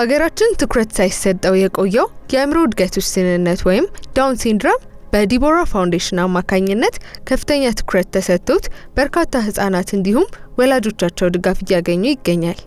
በሀገራችን ትኩረት ሳይሰጠው የቆየው የአእምሮ እድገት ውስንነት ወይም ዳውን ሲንድሮም በዲቦራ ፋውንዴሽን አማካኝነት ከፍተኛ ትኩረት ተሰጥቶት በርካታ ህጻናት እንዲሁም ወላጆቻቸው ድጋፍ እያገኙ ይገኛል።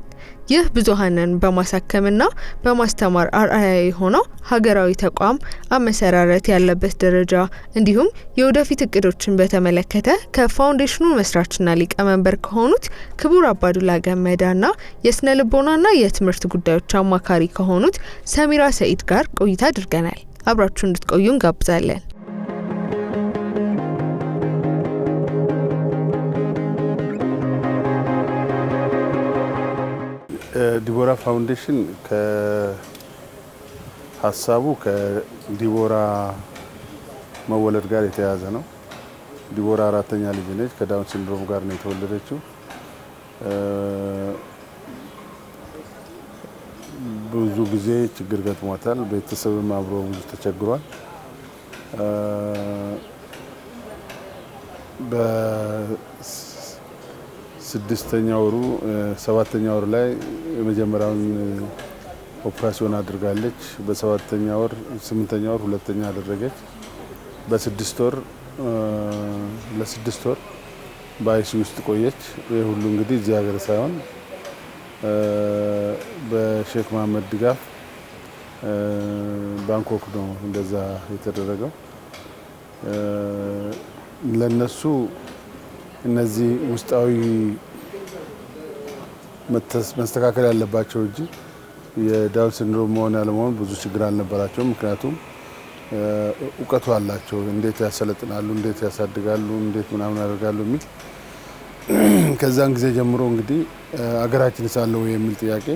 ይህ ብዙሀንን በማሳከምና በማስተማር አርአያ የሆነው ሀገራዊ ተቋም አመሰራረት ያለበት ደረጃ እንዲሁም የወደፊት እቅዶችን በተመለከተ ከፋውንዴሽኑ መስራችና ሊቀመንበር ከሆኑት ክቡር አባዱላ ገመዳና የስነ ልቦናና የትምህርት ጉዳዮች አማካሪ ከሆኑት ሰሚራ ሰኢድ ጋር ቆይታ አድርገናል። አብራችሁ እንድትቆዩ እንጋብዛለን። ዲቦራ ፋውንዴሽን ከሀሳቡ ከዲቦራ መወለድ ጋር የተያያዘ ነው። ዲቦራ አራተኛ ልጅ ነች። ከዳውን ሲንድሮም ጋር ነው የተወለደችው። ብዙ ጊዜ ችግር ገጥሟታል። ቤተሰብም አብሮ ብዙ ተቸግሯል። ስድስተኛ ወሩ ሰባተኛ ወር ላይ የመጀመሪያውን ኦፕራሲዮን አድርጋለች። በሰባተኛ ወር ስምንተኛ ወር ሁለተኛ አደረገች። በስድስት ወር ለስድስት ወር በአይሲ ውስጥ ቆየች። ይህ ሁሉ እንግዲህ እዚህ ሀገር ሳይሆን በሼክ መሀመድ ድጋፍ ባንኮክ ነው እንደዛ የተደረገው ለነሱ እነዚህ ውስጣዊ መስተካከል ያለባቸው እንጂ የዳውን ሲንድሮም መሆን ያለመሆን ብዙ ችግር አልነበራቸውም። ምክንያቱም እውቀቱ አላቸው። እንዴት ያሰለጥናሉ፣ እንዴት ያሳድጋሉ፣ እንዴት ምናምን ያደርጋሉ የሚል ከዛን ጊዜ ጀምሮ እንግዲህ አገራችን ሳለው የሚል ጥያቄ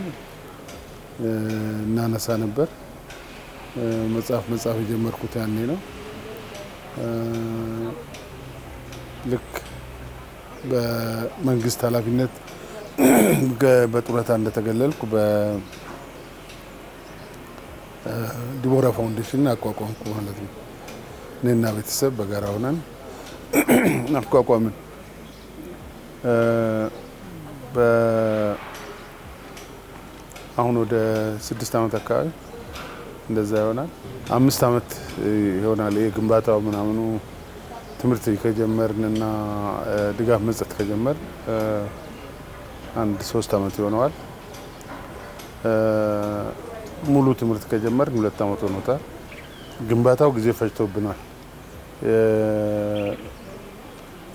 እናነሳ ነበር። መጽሐፍ መጽሐፍ የጀመርኩት ያኔ ነው። ልክ በመንግስት ኃላፊነት በጡረታ እንደተገለልኩ በዲቦራ ፋውንዴሽን አቋቋምኩ ማለት ነው። እኔና ቤተሰብ በጋራ ሆነን አቋቋምን። አሁን ወደ ስድስት ዓመት አካባቢ እንደዛ ይሆናል። አምስት ዓመት ይሆናል ግንባታው ምናምኑ ትምህርት ከጀመርንና ድጋፍ መስጠት ከጀመር አንድ ሶስት አመት ይሆነዋል። ሙሉ ትምህርት ከጀመርን ሁለት አመት ሆኖታል። ግንባታው ጊዜ ፈጅቶብናል።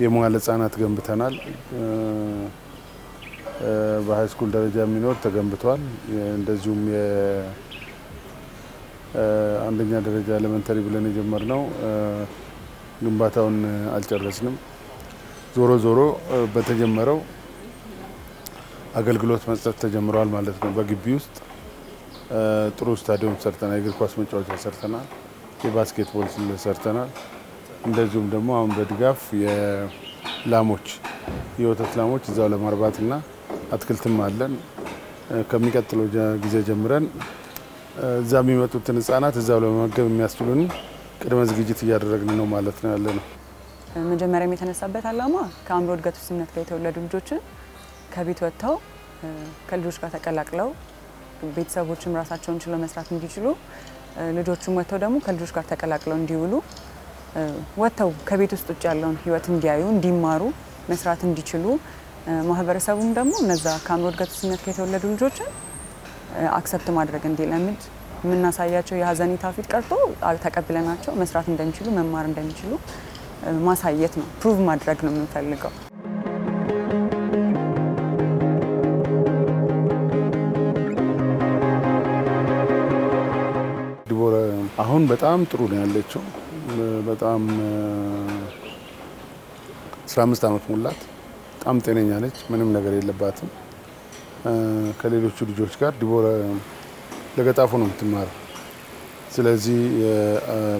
የመዋለ ህጻናት ገንብተናል። በሀይ ስኩል ደረጃ የሚኖር ተገንብቷል። እንደዚሁም አንደኛ ደረጃ ኤሌመንተሪ ብለን የጀመርነው ግንባታውን አልጨረስንም። ዞሮ ዞሮ በተጀመረው አገልግሎት መስጠት ተጀምረዋል ማለት ነው። በግቢ ውስጥ ጥሩ ስታዲየም ሰርተናል። የእግር ኳስ መጫወቻ ሰርተናል። የባስኬትቦል ሰርተናል። እንደዚሁም ደግሞ አሁን በድጋፍ የላሞች የወተት ላሞች እዛው ለማርባትና አትክልትም አለን። ከሚቀጥለው ጊዜ ጀምረን እዛ የሚመጡትን ህፃናት እዛው ለመመገብ የሚያስችሉን ቅድመ ዝግጅት እያደረግን ነው ማለት ነው ያለ ነው። መጀመሪያም የተነሳበት አላማ ከአእምሮ እድገት ውስንነት ጋር የተወለዱ ልጆችን ከቤት ወጥተው ከልጆች ጋር ተቀላቅለው ቤተሰቦችም ራሳቸውን ችለው መስራት እንዲችሉ ልጆቹም ወጥተው ደግሞ ከልጆች ጋር ተቀላቅለው እንዲውሉ ወጥተው ከቤት ውስጥ ውጭ ያለውን ህይወት እንዲያዩ እንዲማሩ መስራት እንዲችሉ ማህበረሰቡም ደግሞ እነዛ ከአእምሮ እድገት ውስንነት ጋር የተወለዱ ልጆችን አክሰፕት ማድረግ እንዲለምድ የምናሳያቸው የሀዘኔታ ፊት ቀርቶ ተቀብለናቸው መስራት እንደሚችሉ መማር እንደሚችሉ ማሳየት ነው። ፕሩቭ ማድረግ ነው የምንፈልገው። አሁን በጣም ጥሩ ነው ያለችው። በጣም 15 ዓመት ሙላት። በጣም ጤነኛ ነች። ምንም ነገር የለባትም። ከሌሎቹ ልጆች ጋር ዲቦራ ለገጣፎ ነው የምትማረው። ስለዚህ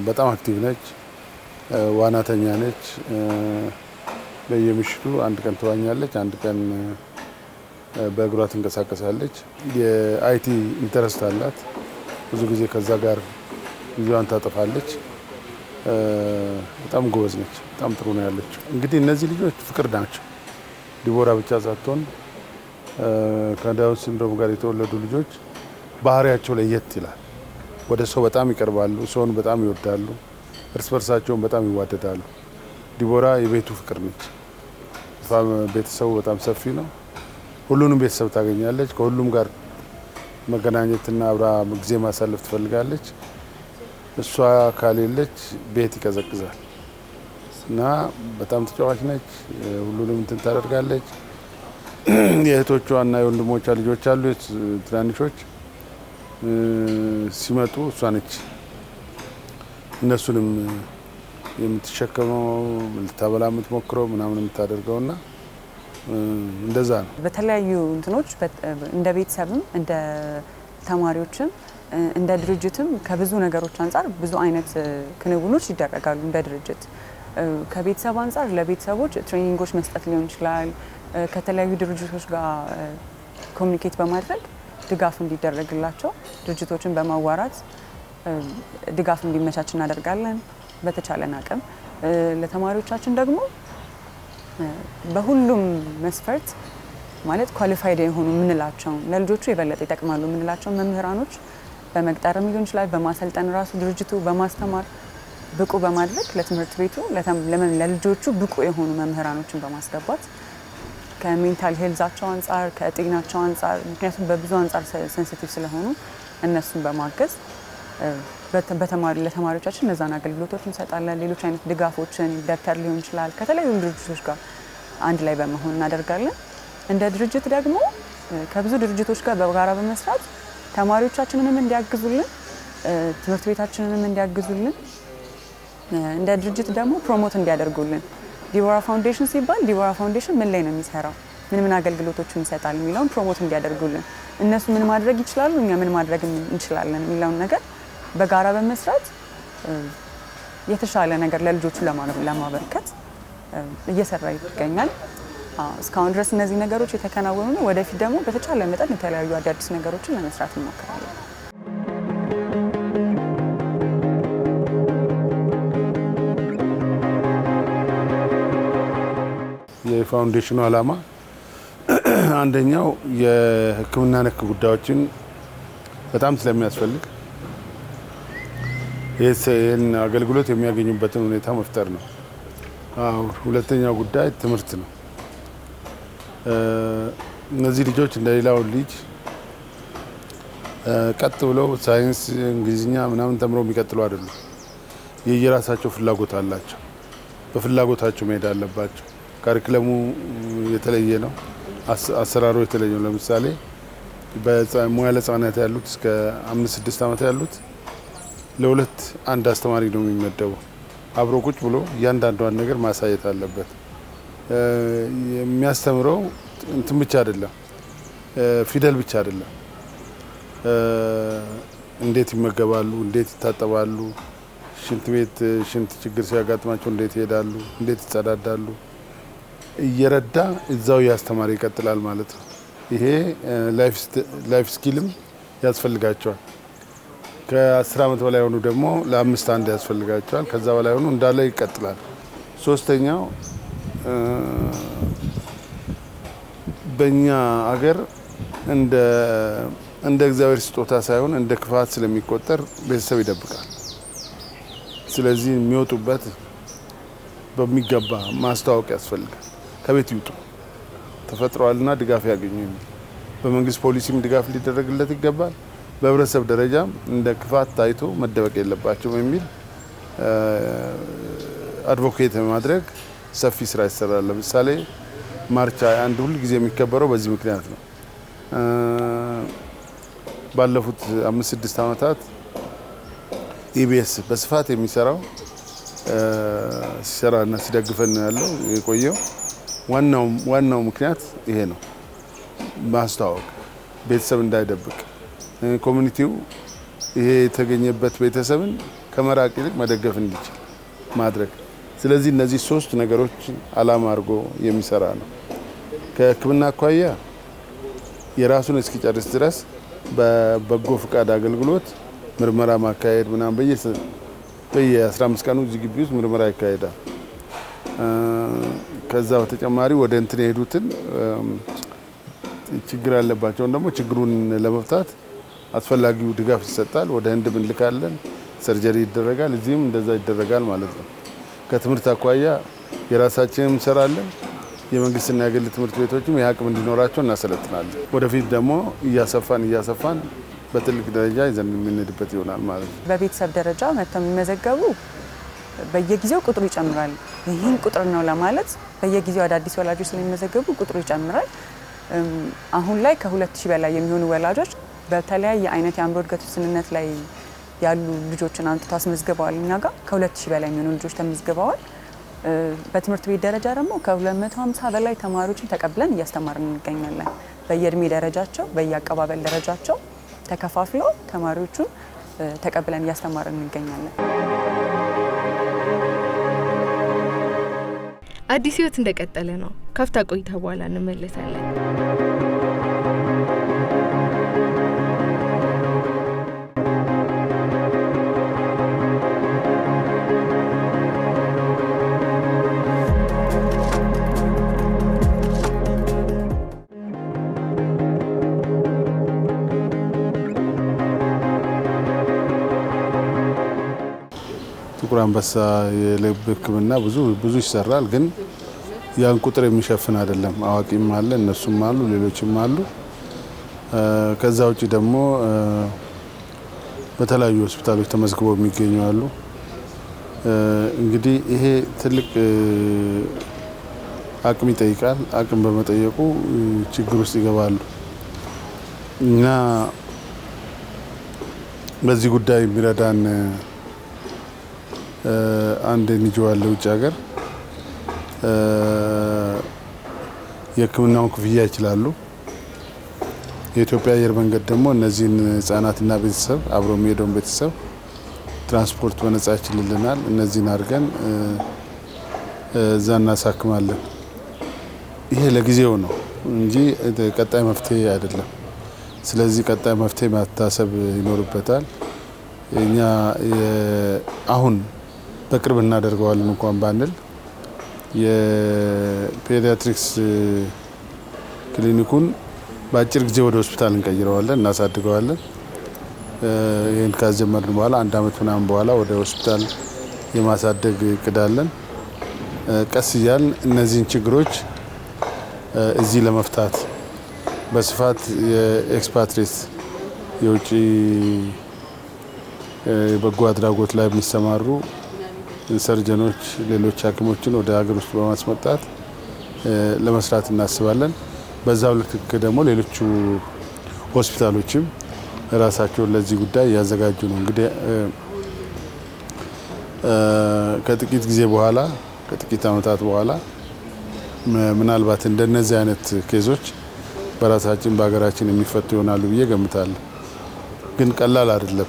በጣም አክቲቭ ነች፣ ዋናተኛ ነች። በየምሽቱ አንድ ቀን ትዋኛለች፣ አንድ ቀን በእግሯ ትንቀሳቀሳለች። የአይቲ ኢንተረስት አላት። ብዙ ጊዜ ከዛ ጋር ጊዜዋን ታጠፋለች። በጣም ጎበዝ ነች። በጣም ጥሩ ነው ያለችው። እንግዲህ እነዚህ ልጆች ፍቅር ናቸው። ዲቦራ ብቻ ሳትሆን ከዳውን ሲንድሮም ጋር የተወለዱ ልጆች ባህሪያቸው ለየት ይላል። ወደ ሰው በጣም ይቀርባሉ፣ ሰውን በጣም ይወዳሉ፣ እርስ በርሳቸውን በጣም ይዋደዳሉ። ዲቦራ የቤቱ ፍቅር ነች። ቤተሰቡ በጣም ሰፊ ነው። ሁሉንም ቤተሰብ ታገኛለች። ከሁሉም ጋር መገናኘትና አብራ ጊዜ ማሳለፍ ትፈልጋለች። እሷ ካሌለች ቤት ይቀዘቅዛል እና በጣም ተጫዋች ነች። ሁሉንም እንትን ታደርጋለች። የእህቶቿ እና የወንድሞቿ ልጆች አሉ ትናንሾች ሲመጡ እሷ ነች እነሱንም የምትሸከመው ልታበላ የምትሞክረው ምናምን የምታደርገው እና እንደዛ ነው። በተለያዩ እንትኖች እንደ ቤተሰብም እንደ ተማሪዎችም እንደ ድርጅትም ከብዙ ነገሮች አንጻር ብዙ አይነት ክንውኖች ይደረጋሉ። እንደ ድርጅት ከቤተሰብ አንጻር ለቤተሰቦች ትሬኒንጎች መስጠት ሊሆን ይችላል። ከተለያዩ ድርጅቶች ጋር ኮሚኒኬት በማድረግ ድጋፍ እንዲደረግላቸው ድርጅቶችን በማዋራት ድጋፍ እንዲመቻች እናደርጋለን። በተቻለን አቅም ለተማሪዎቻችን ደግሞ በሁሉም መስፈርት ማለት ኳሊፋይድ የሆኑ የምንላቸው ለልጆቹ የበለጠ ይጠቅማሉ የምንላቸው መምህራኖች በመቅጠርም ሊሆን ይችላል፣ በማሰልጠን ራሱ ድርጅቱ በማስተማር ብቁ በማድረግ ለትምህርት ቤቱ ለልጆቹ ብቁ የሆኑ መምህራኖችን በማስገባት ከሜንታል ሄልዛቸው አንጻር ከጤናቸው አንጻር ምክንያቱም በብዙ አንጻር ሴንሲቲቭ ስለሆኑ እነሱን በማገዝ በተማሪ ለተማሪዎቻችን እነዛን አገልግሎቶች እንሰጣለን። ሌሎች አይነት ድጋፎችን ደብተር ሊሆን ይችላል ከተለያዩ ድርጅቶች ጋር አንድ ላይ በመሆን እናደርጋለን። እንደ ድርጅት ደግሞ ከብዙ ድርጅቶች ጋር በጋራ በመስራት ተማሪዎቻችንንም እንዲያግዙልን፣ ትምህርት ቤታችንንም እንዲያግዙልን እንደ ድርጅት ደግሞ ፕሮሞት እንዲያደርጉልን ዲቦራ ፋውንዴሽን ሲባል ዲቦራ ፋውንዴሽን ምን ላይ ነው የሚሰራው፣ ምን ምን አገልግሎቶችን ይሰጣል የሚለውን ፕሮሞት እንዲያደርጉልን፣ እነሱ ምን ማድረግ ይችላሉ፣ እኛ ምን ማድረግ እንችላለን የሚለውን ነገር በጋራ በመስራት የተሻለ ነገር ለልጆቹ ለማበርከት እየሰራ ይገኛል። እስካሁን ድረስ እነዚህ ነገሮች የተከናወኑ ነው። ወደፊት ደግሞ በተቻለ መጠን የተለያዩ አዳዲስ ነገሮችን ለመስራት እንሞክራለን። የፋውንዴሽኑ ዓላማ አንደኛው የሕክምና ነክ ጉዳዮችን በጣም ስለሚያስፈልግ ይህን አገልግሎት የሚያገኙበትን ሁኔታ መፍጠር ነው። ሁለተኛው ጉዳይ ትምህርት ነው። እነዚህ ልጆች እንደሌላው ልጅ ቀጥ ብለው ሳይንስ፣ እንግሊዝኛ ምናምን ተምረው የሚቀጥሉ አይደሉም። የየራሳቸው ፍላጎት አላቸው። በፍላጎታቸው መሄድ አለባቸው። ካሪክለሙ የተለየ ነው። አሰራሩ የተለየ ነው። ለምሳሌ በሙያ ለህጻናት ያሉት እስከ አምስት ስድስት ዓመት ያሉት ለሁለት አንድ አስተማሪ ነው የሚመደበው። አብሮ ቁጭ ብሎ እያንዳንዷን ነገር ማሳየት አለበት። የሚያስተምረው እንትን ብቻ አይደለም፣ ፊደል ብቻ አይደለም። እንዴት ይመገባሉ፣ እንዴት ይታጠባሉ፣ ሽንት ቤት ሽንት ችግር ሲያጋጥማቸው እንዴት ይሄዳሉ፣ እንዴት ይጸዳዳሉ እየረዳ እዛው እያስተማረ ይቀጥላል ማለት ነው። ይሄ ላይፍ ስኪልም ያስፈልጋቸዋል። ከ10 ዓመት በላይ ሆኑ ደግሞ ለአምስት አንድ ያስፈልጋቸዋል። ከዛ በላይ ሆኑ እንዳለ ይቀጥላል። ሶስተኛው በእኛ አገር እንደ እግዚአብሔር ስጦታ ሳይሆን እንደ ክፋት ስለሚቆጠር ቤተሰብ ይደብቃል። ስለዚህ የሚወጡበት በሚገባ ማስተዋወቅ ያስፈልጋል። ከቤት ይውጡ፣ ተፈጥሯልና ድጋፍ ያገኙ የሚል በመንግስት ፖሊሲም ድጋፍ ሊደረግለት ይገባል። በህብረተሰብ ደረጃም እንደ ክፋት ታይቶ መደበቅ የለባቸውም የሚል አድቮኬት ማድረግ ሰፊ ስራ ይሰራል። ለምሳሌ ማርች አንድ ሁል ጊዜ የሚከበረው በዚህ ምክንያት ነው። ባለፉት አምስት ስድስት ዓመታት ኢቢኤስ በስፋት የሚሰራው ሲሰራና ሲደግፈን ያለው የቆየው ዋናው ምክንያት ይሄ ነው። ማስተዋወቅ፣ ቤተሰብ እንዳይደብቅ ኮሚኒቲው ይሄ የተገኘበት ቤተሰብን ከመራቅ ይልቅ መደገፍ እንዲችል ማድረግ። ስለዚህ እነዚህ ሶስት ነገሮች አላማ አድርጎ የሚሰራ ነው። ከህክምና አኳያ የራሱን እስኪጨርስ ድረስ በበጎ ፍቃድ አገልግሎት ምርመራ ማካሄድ ምናምን በየ 15 ቀኑ እዚህ ግቢ ውስጥ ምርመራ ይካሄዳል። ከዛ በተጨማሪ ወደ እንትን የሄዱትን ችግር ያለባቸውን ደግሞ ችግሩን ለመፍታት አስፈላጊው ድጋፍ ይሰጣል። ወደ ህንድም እንልካለን። ሰርጀሪ ይደረጋል። እዚህም እንደዛ ይደረጋል ማለት ነው። ከትምህርት አኳያ የራሳችንም እንሰራለን። የመንግስትና የግል ትምህርት ቤቶችም የአቅም እንዲኖራቸው እናሰለጥናለን። ወደፊት ደግሞ እያሰፋን እያሰፋን በትልቅ ደረጃ ይዘን የምንሄድበት ይሆናል ማለት ነው። በቤተሰብ ደረጃ መጥተው የሚመዘገቡ በየጊዜው ቁጥሩ ይጨምራል። ይህን ቁጥር ነው ለማለት በየጊዜው አዳዲስ ወላጆች ስለሚመዘገቡ ቁጥሩ ይጨምራል። አሁን ላይ ከሁለት ሺህ በላይ የሚሆኑ ወላጆች በተለያየ አይነት የአእምሮ እድገት ውስንነት ላይ ያሉ ልጆችን አንጥቶ አስመዝግበዋል። እኛ ጋር ከሁለት ሺህ በላይ የሚሆኑ ልጆች ተመዝግበዋል። በትምህርት ቤት ደረጃ ደግሞ ከ250 በላይ ተማሪዎችን ተቀብለን እያስተማርን እንገኛለን። በየእድሜ ደረጃቸው በየአቀባበል ደረጃቸው ተከፋፍለው ተማሪዎቹን ተቀብለን እያስተማርን እንገኛለን። አዲስ ህይወት እንደቀጠለ ነው። ከፍታ ቆይታ በኋላ እንመለሳለን። ጥቁር አንበሳ የልብ ህክምና ብዙ ብዙ ይሰራል ግን ያን ቁጥር የሚሸፍን አይደለም። አዋቂም አለ፣ እነሱም አሉ፣ ሌሎችም አሉ። ከዛ ውጭ ደግሞ በተለያዩ ሆስፒታሎች ተመዝግበው የሚገኙ አሉ። እንግዲህ ይሄ ትልቅ አቅም ይጠይቃል። አቅም በመጠየቁ ችግር ውስጥ ይገባሉ እና በዚህ ጉዳይ የሚረዳን አንድ ንጅዋለ ውጭ ሀገር የህክምናውን ክፍያ ይችላሉ። የኢትዮጵያ አየር መንገድ ደግሞ እነዚህን ህጻናትና ቤተሰብ አብሮ የሚሄደውን ቤተሰብ ትራንስፖርት በነጻ ይችልልናል። እነዚህን አድርገን እዛ እናሳክማለን። ይሄ ለጊዜው ነው እንጂ ቀጣይ መፍትሄ አይደለም። ስለዚህ ቀጣይ መፍትሄ ማታሰብ ይኖርበታል። እኛ አሁን በቅርብ እናደርገዋለን እንኳን ባንል የፔዲያትሪክስ ክሊኒኩን በአጭር ጊዜ ወደ ሆስፒታል እንቀይረዋለን፣ እናሳድገዋለን። ይህን ካስጀመርን በኋላ አንድ አመት ምናምን በኋላ ወደ ሆስፒታል የማሳደግ እቅዳለን። ቀስ እያል እነዚህን ችግሮች እዚህ ለመፍታት በስፋት የኤክስፓትሬት የውጭ በጎ አድራጎት ላይ የሚሰማሩ ሰርጀኖች፣ ሌሎች ሐኪሞችን ወደ ሀገር ውስጥ በማስመጣት ለመስራት እናስባለን። በዛው ልክ ደግሞ ሌሎቹ ሆስፒታሎችም ራሳቸውን ለዚህ ጉዳይ እያዘጋጁ ነው። እንግዲህ ከጥቂት ጊዜ በኋላ ከጥቂት ዓመታት በኋላ ምናልባት እንደነዚህ አይነት ኬዞች በራሳችን በሀገራችን የሚፈቱ ይሆናሉ ብዬ ገምታለሁ። ግን ቀላል አይደለም።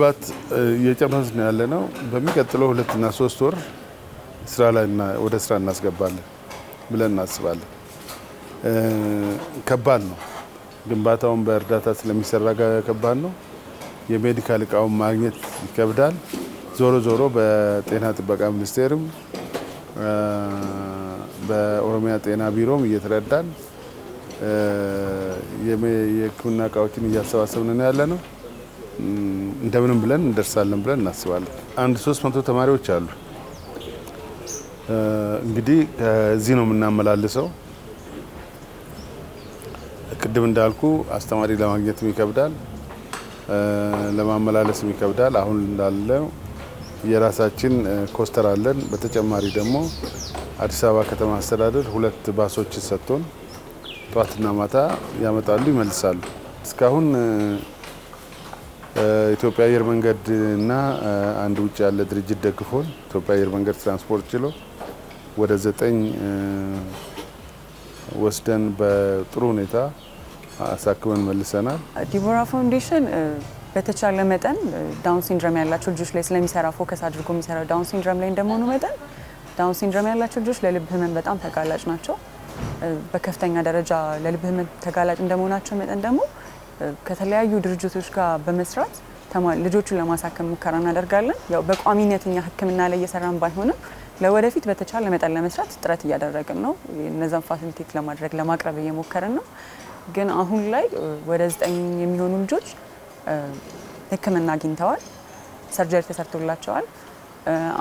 በመግባት እየጨረስን ነው ያለ ነው። በሚቀጥለው ሁለትና ሶስት ወር ስራ ላይ ወደ ስራ እናስገባለን ብለን እናስባለን። ከባድ ነው ግንባታውን በእርዳታ ስለሚሰራ ከባድ ነው። የሜዲካል እቃውን ማግኘት ይከብዳል። ዞሮ ዞሮ በጤና ጥበቃ ሚኒስቴርም በኦሮሚያ ጤና ቢሮም እየተረዳን የሕክምና እቃዎችን እያሰባሰብን ነው ያለ ነው። እንደምንም ብለን እንደርሳለን ብለን እናስባለን። አንድ ሶስት መቶ ተማሪዎች አሉ። እንግዲህ ከዚህ ነው የምናመላልሰው። ቅድም እንዳልኩ አስተማሪ ለማግኘትም ይከብዳል፣ ለማመላለስም ይከብዳል። አሁን እንዳለው የራሳችን ኮስተር አለን። በተጨማሪ ደግሞ አዲስ አበባ ከተማ አስተዳደር ሁለት ባሶችን ሰጥቶን ጠዋትና ማታ ያመጣሉ፣ ይመልሳሉ። እስካሁን ኢትዮጵያ አየር መንገድ እና አንድ ውጭ ያለ ድርጅት ደግፎን ኢትዮጵያ አየር መንገድ ትራንስፖርት ችሎ ወደ ዘጠኝ ወስደን በጥሩ ሁኔታ አሳክመን መልሰናል። ዲቦራ ፋውንዴሽን በተቻለ መጠን ዳውን ሲንድረም ያላቸው ልጆች ላይ ስለሚሰራ ፎከስ አድርጎ የሚሰራው ዳውን ሲንድረም ላይ እንደመሆኑ መጠን ዳውን ሲንድረም ያላቸው ልጆች ለልብ ህመም በጣም ተጋላጭ ናቸው። በከፍተኛ ደረጃ ለልብ ሕመም ተጋላጭ እንደመሆናቸው መጠን ደግሞ ከተለያዩ ድርጅቶች ጋር በመስራት ልጆቹን ለማሳከም ሙከራ እናደርጋለን። ያው በቋሚነት እኛ ሕክምና ላይ እየሰራን ባይሆንም ለወደፊት በተቻለ መጠን ለመስራት ጥረት እያደረግን ነው። እነዛን ፋሲሊቴት ለማድረግ ለማቅረብ እየሞከርን ነው። ግን አሁን ላይ ወደ ዘጠኝ የሚሆኑ ልጆች ሕክምና አግኝተዋል፣ ሰርጀሪ ተሰርቶላቸዋል።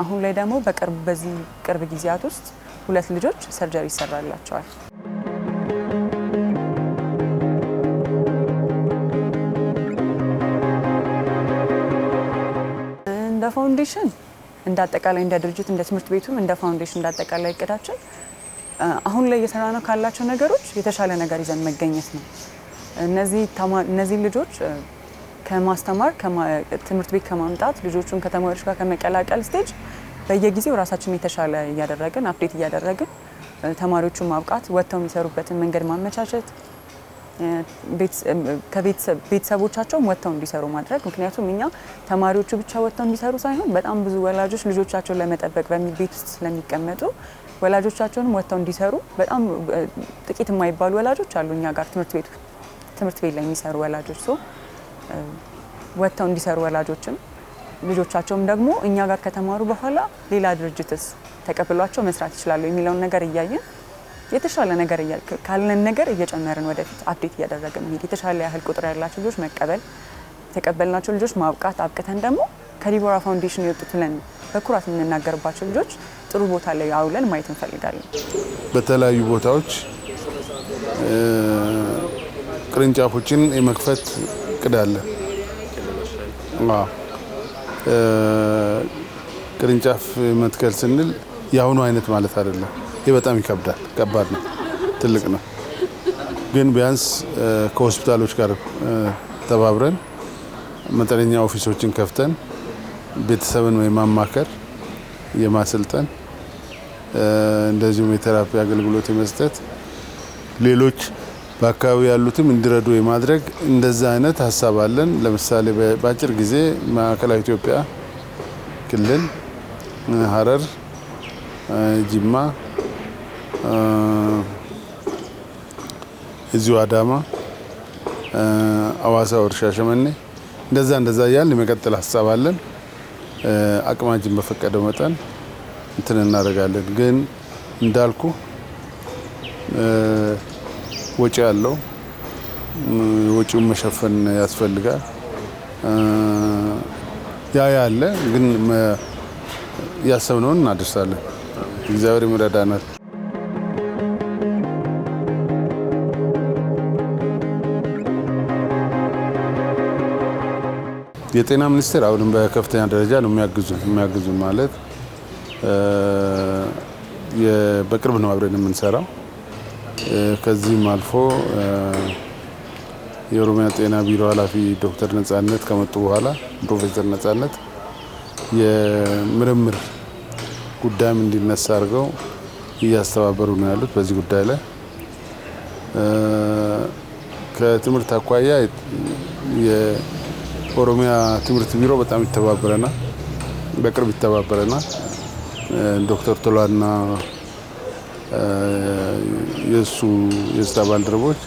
አሁን ላይ ደግሞ በቅርብ በዚህ ቅርብ ጊዜያት ውስጥ ሁለት ልጆች ሰርጀሪ ይሰራላቸዋል። ፋውንዴሽን እንደ አጠቃላይ እንደ ድርጅት እንደ ትምህርት ቤቱም እንደ ፋውንዴሽን እንደ አጠቃላይ እቅዳችን አሁን ላይ እየሰራ ነው ካላቸው ነገሮች የተሻለ ነገር ይዘን መገኘት ነው። እነዚህ ልጆች ከማስተማር ትምህርት ቤት ከማምጣት ልጆቹን ከተማሪዎች ጋር ከመቀላቀል ስቴጅ በየጊዜው ራሳችን የተሻለ እያደረግን አፕዴት እያደረግን ተማሪዎቹን ማብቃት ወጥተው የሚሰሩበትን መንገድ ማመቻቸት ከቤተሰቦቻቸው ወጥተው እንዲሰሩ ማድረግ። ምክንያቱም እኛ ተማሪዎቹ ብቻ ወጥተው እንዲሰሩ ሳይሆን በጣም ብዙ ወላጆች ልጆቻቸውን ለመጠበቅ በሚል ቤት ውስጥ ስለሚቀመጡ ወላጆቻቸውንም ወጥተው እንዲሰሩ በጣም ጥቂት የማይባሉ ወላጆች አሉ እኛ ጋር ትምህርት ቤት ትምህርት ቤት ላይ የሚሰሩ ወላጆች ሰው ወጥተው እንዲሰሩ ወላጆችም ልጆቻቸውም ደግሞ እኛ ጋር ከተማሩ በኋላ ሌላ ድርጅትስ ተቀብሏቸው መስራት ይችላሉ የሚለውን ነገር እያየን የተሻለ ነገር ካለን ነገር እየጨመርን ወደፊት አፕዴት እያደረገ መሄድ የተሻለ ያህል ቁጥር ያላቸው ልጆች መቀበል የተቀበልናቸው ልጆች ማብቃት አብቅተን ደግሞ ከዲቦራ ፋውንዴሽን የወጡት ብለን በኩራት የምንናገርባቸው ልጆች ጥሩ ቦታ ላይ አውለን ማየት እንፈልጋለን። በተለያዩ ቦታዎች ቅርንጫፎችን የመክፈት እቅድ አለ። ቅርንጫፍ መትከል ስንል የአሁኑ አይነት ማለት አይደለም። ይህ በጣም ይከብዳል። ከባድ ነው፣ ትልቅ ነው። ግን ቢያንስ ከሆስፒታሎች ጋር ተባብረን መጠነኛ ኦፊሶችን ከፍተን ቤተሰብን የማማከር የማሰልጠን እንደዚሁም የቴራፒ አገልግሎት የመስጠት ሌሎች በአካባቢ ያሉትም እንዲረዱ የማድረግ እንደዛ አይነት ሀሳብ አለን። ለምሳሌ በአጭር ጊዜ ማዕከላዊ ኢትዮጵያ ክልል ሐረር፣ ጅማ እዚሁ አዳማ፣ አዋሳ፣ ወርሻ ሸመኔ እንደዛ እንደዛ እያልን የመቀጠል ሀሳብ አለን። አቅማችን በፈቀደው መጠን እንትን እናደርጋለን። ግን እንዳልኩ ወጪ አለው። ወጪውን መሸፈን ያስፈልጋል። ያ ያለ ግን ያሰብነውን እናደርሳለን። እግዚአብሔር ይረዳናል። የጤና ሚኒስቴር አሁንም በከፍተኛ ደረጃ ነው የሚያግዙን የሚያግዙን ማለት በቅርብ ነው አብረን የምንሰራው። ከዚህም አልፎ የኦሮሚያ ጤና ቢሮ ኃላፊ ዶክተር ነጻነት ከመጡ በኋላ ፕሮፌሰር ነጻነት የምርምር ጉዳይም እንዲነሳ አድርገው እያስተባበሩ ነው ያሉት። በዚህ ጉዳይ ላይ ከትምህርት አኳያ ኦሮሚያ ትምህርት ቢሮ በጣም ይተባበረናል፣ በቅርብ ይተባበረናል። ዶክተር ቶላና የእሱ የስራ ባልደረቦች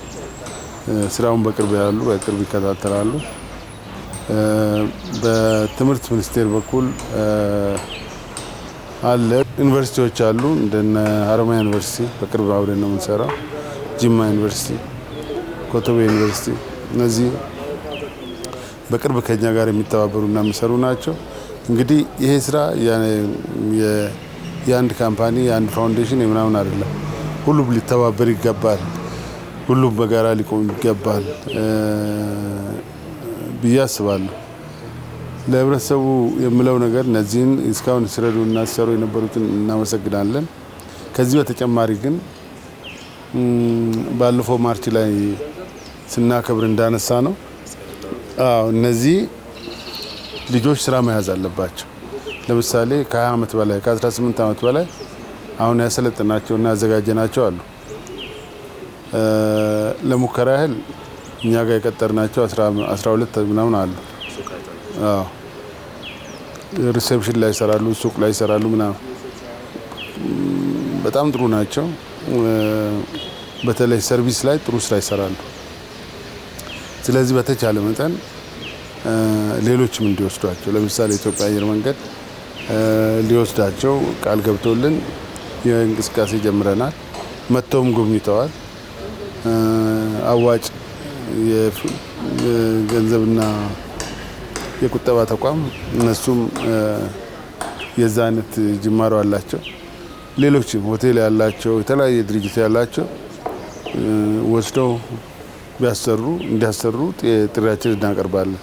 ስራውን በቅርብ ያሉ በቅርብ ይከታተላሉ። በትምህርት ሚኒስቴር በኩል አለ ዩኒቨርሲቲዎች አሉ። እንደነ ሀረማያ ዩኒቨርሲቲ በቅርብ አብረን ነው የምንሰራው። ጅማ ዩኒቨርሲቲ፣ ኮተቤ ዩኒቨርሲቲ እነዚህ በቅርብ ከኛ ጋር የሚተባበሩ እና የሚሰሩ ናቸው። እንግዲህ ይሄ ስራ የአንድ ካምፓኒ የአንድ ፋውንዴሽን የምናምን አይደለም። ሁሉም ሊተባበር ይገባል። ሁሉም በጋራ ሊቆም ይገባል ብዬ አስባለሁ። ለህብረተሰቡ የምለው ነገር እነዚህን እስካሁን ሲረዱ እና ሲሰሩ የነበሩትን እናመሰግናለን። ከዚህ በተጨማሪ ግን ባለፈው ማርች ላይ ስናከብር እንዳነሳ ነው እነዚህ ልጆች ስራ መያዝ አለባቸው። ለምሳሌ ከ20 ዓመት በላይ ከ18 ዓመት በላይ አሁን ያሰለጥናቸው እና ያዘጋጀናቸው አሉ። ለሙከራ ያህል እኛ ጋር የቀጠርናቸው 12 ምናምን አሉ። ሪሴፕሽን ላይ ይሰራሉ፣ ሱቅ ላይ ይሰራሉ ምናምን በጣም ጥሩ ናቸው። በተለይ ሰርቪስ ላይ ጥሩ ስራ ይሰራሉ። ስለዚህ በተቻለ መጠን ሌሎችም እንዲወስዷቸው ለምሳሌ የኢትዮጵያ አየር መንገድ ሊወስዳቸው ቃል ገብቶልን የእንቅስቃሴ ጀምረናል። መጥተውም ጎብኝተዋል። አዋጭ የገንዘብና የቁጠባ ተቋም እነሱም የዛ አይነት ጅማሮ አላቸው። ሌሎችም ሆቴል ያላቸው የተለያየ ድርጅት ያላቸው ወስደው ቢያሰሩ እንዲያሰሩ ጥሪያችን እናቀርባለን።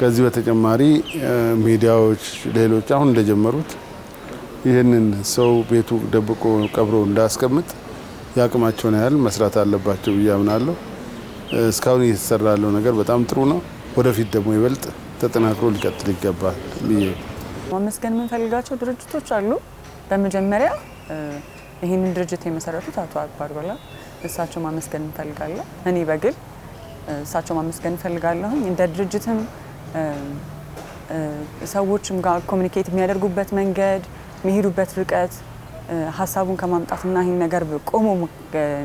ከዚህ በተጨማሪ ሚዲያዎች፣ ሌሎች አሁን እንደጀመሩት ይህንን ሰው ቤቱ ደብቆ ቀብሮ እንዳያስቀምጥ የአቅማቸውን ያህል መስራት አለባቸው ብዬ አምናለሁ። እስካሁን እየተሰራ ያለው ነገር በጣም ጥሩ ነው። ወደፊት ደግሞ ይበልጥ ተጠናክሮ ሊቀጥል ይገባል ብዬ ማመስገን የምንፈልጋቸው ድርጅቶች አሉ። በመጀመሪያ ይህንን ድርጅት የመሰረቱት አቶ አባዱላ እሳቸው ማመስገን እንፈልጋለን። እኔ በግል እሳቸው ማመስገን እንፈልጋለሁኝ። እንደ ድርጅትም ሰዎችም ጋር ኮሚኒኬት የሚያደርጉበት መንገድ፣ የሚሄዱበት ርቀት ሀሳቡን ከማምጣትና ይህን ነገር ቆሞ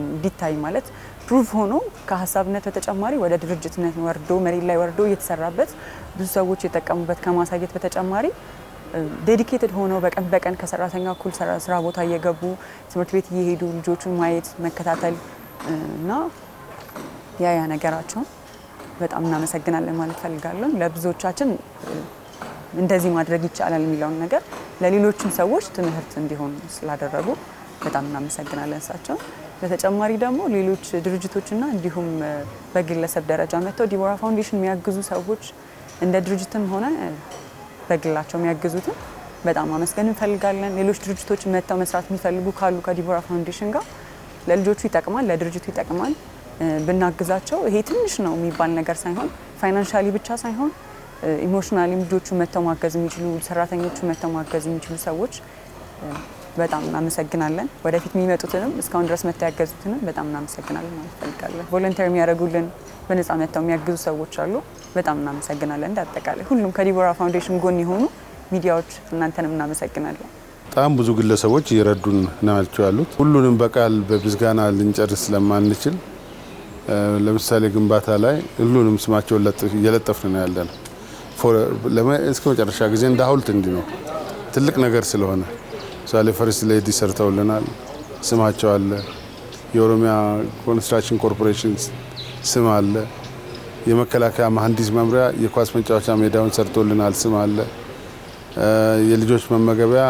እንዲታይ ማለት ፕሩቭ ሆኖ ከሀሳብነት በተጨማሪ ወደ ድርጅትነት ወርዶ መሬት ላይ ወርዶ እየተሰራበት ብዙ ሰዎች የጠቀሙበት ከማሳየት በተጨማሪ ዴዲኬትድ ሆነው በቀን በቀን ከሰራተኛ እኩል ስራ ቦታ እየገቡ ትምህርት ቤት እየሄዱ ልጆቹን ማየት መከታተል እና ያ ያ ነገራቸውን በጣም እናመሰግናለን ማለት ፈልጋለሁ። ለብዙዎቻችን እንደዚህ ማድረግ ይቻላል የሚለውን ነገር ለሌሎችም ሰዎች ትምህርት እንዲሆን ስላደረጉ በጣም እናመሰግናለን እሳቸው። በተጨማሪ ደግሞ ሌሎች ድርጅቶችና እንዲሁም በግለሰብ ደረጃ መጥተው ዲቦራ ፋውንዴሽን የሚያግዙ ሰዎች እንደ ድርጅትም ሆነ በግላቸው የሚያግዙትን በጣም አመስገን እንፈልጋለን። ሌሎች ድርጅቶች መጥተው መስራት የሚፈልጉ ካሉ ከዲቦራ ፋውንዴሽን ጋር ለልጆቹ ይጠቅማል፣ ለድርጅቱ ይጠቅማል ብናግዛቸው ይሄ ትንሽ ነው የሚባል ነገር ሳይሆን ፋይናንሻሊ ብቻ ሳይሆን ኢሞሽናሊ ልጆቹ መጥተው ማገዝ የሚችሉ ሰራተኞቹ መጥተው ማገዝ የሚችሉ ሰዎች በጣም እናመሰግናለን። ወደፊት የሚመጡትንም እስካሁን ድረስ መታ ያገዙትንም በጣም እናመሰግናለን ማለት ፈልጋለን። ቮለንተር የሚያደርጉልን በነፃ መጥተው የሚያግዙ ሰዎች አሉ። በጣም እናመሰግናለን። እንዳጠቃላይ ሁሉም ከዲቦራ ፋውንዴሽን ጎን የሆኑ ሚዲያዎች እናንተንም እናመሰግናለን። በጣም ብዙ ግለሰቦች እየረዱን ናቸው ያሉት። ሁሉንም በቃል በምስጋና ልንጨርስ ስለማንችል ለምሳሌ ግንባታ ላይ ሁሉንም ስማቸውን እየለጠፍን ነው ያለን እስከ መጨረሻ ጊዜ እንደ ሀውልት እንዲኖር ነው ትልቅ ነገር ስለሆነ ለምሳሌ ፈርስት ሌዲ ሰርተውልናል፣ ስማቸው አለ። የኦሮሚያ ኮንስትራክሽን ኮርፖሬሽን ስም አለ። የመከላከያ መሀንዲስ መምሪያ የኳስ መጫወቻ ሜዳውን ሰርቶልናል፣ ስም አለ። የልጆች መመገቢያ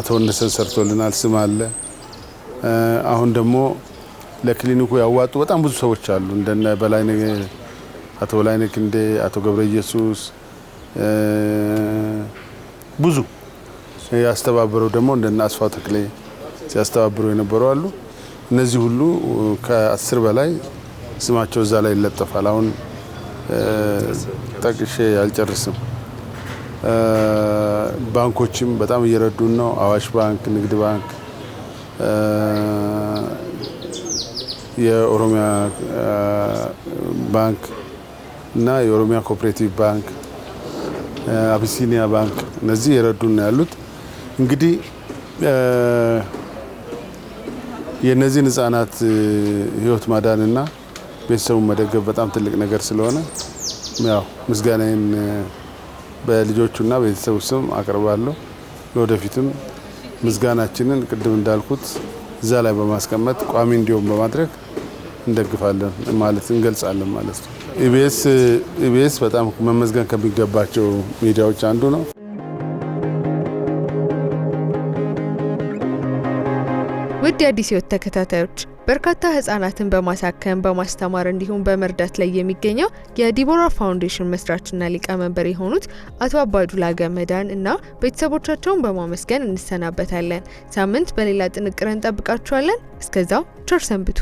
አቶ ወንደሰን ሰርቶልናል፣ ስም አለ። አሁን ደግሞ ለክሊኒኩ ያዋጡ በጣም ብዙ ሰዎች አሉ። እንደነ በላይ አቶ በላይነ ክንዴ፣ አቶ ገብረ ኢየሱስ ብዙ ያስተባበረው ደግሞ እንደነ አስፋ ተክሌ ሲያስተባብሩ የነበሩ አሉ። እነዚህ ሁሉ ከአስር በላይ ስማቸው እዛ ላይ ይለጠፋል። አሁን ጠቅሼ አልጨርስም። ባንኮችም በጣም እየረዱን ነው። አዋሽ ባንክ፣ ንግድ ባንክ፣ የኦሮሚያ ባንክ እና የኦሮሚያ ኮኦፕሬቲቭ ባንክ፣ አቢሲኒያ ባንክ እነዚህ እየረዱን ነው ያሉት። እንግዲህ የእነዚህን ህጻናት ህይወት ማዳንና ቤተሰቡን መደገፍ በጣም ትልቅ ነገር ስለሆነ ያው ምስጋናዬን በልጆቹና ቤተሰቡ ስም አቅርባለሁ። ለወደፊትም ምስጋናችንን ቅድም እንዳልኩት እዛ ላይ በማስቀመጥ ቋሚ እንዲሆን በማድረግ እንደግፋለን ማለት እንገልጻለን ማለት ነው። ኢቢኤስ በጣም መመዝገን ከሚገባቸው ሚዲያዎች አንዱ ነው። ውድ የአዲስ ህይወት ተከታታዮች በርካታ ህጻናትን በማሳከም በማስተማር እንዲሁም በመርዳት ላይ የሚገኘው የዲቦራ ፋውንዴሽን መስራችና ሊቀመንበር የሆኑት አቶ አባዱላ ገመዳን እና ቤተሰቦቻቸውን በማመስገን እንሰናበታለን። ሳምንት በሌላ ጥንቅር እንጠብቃችኋለን። እስከዛው ቸር ሰንብቱ።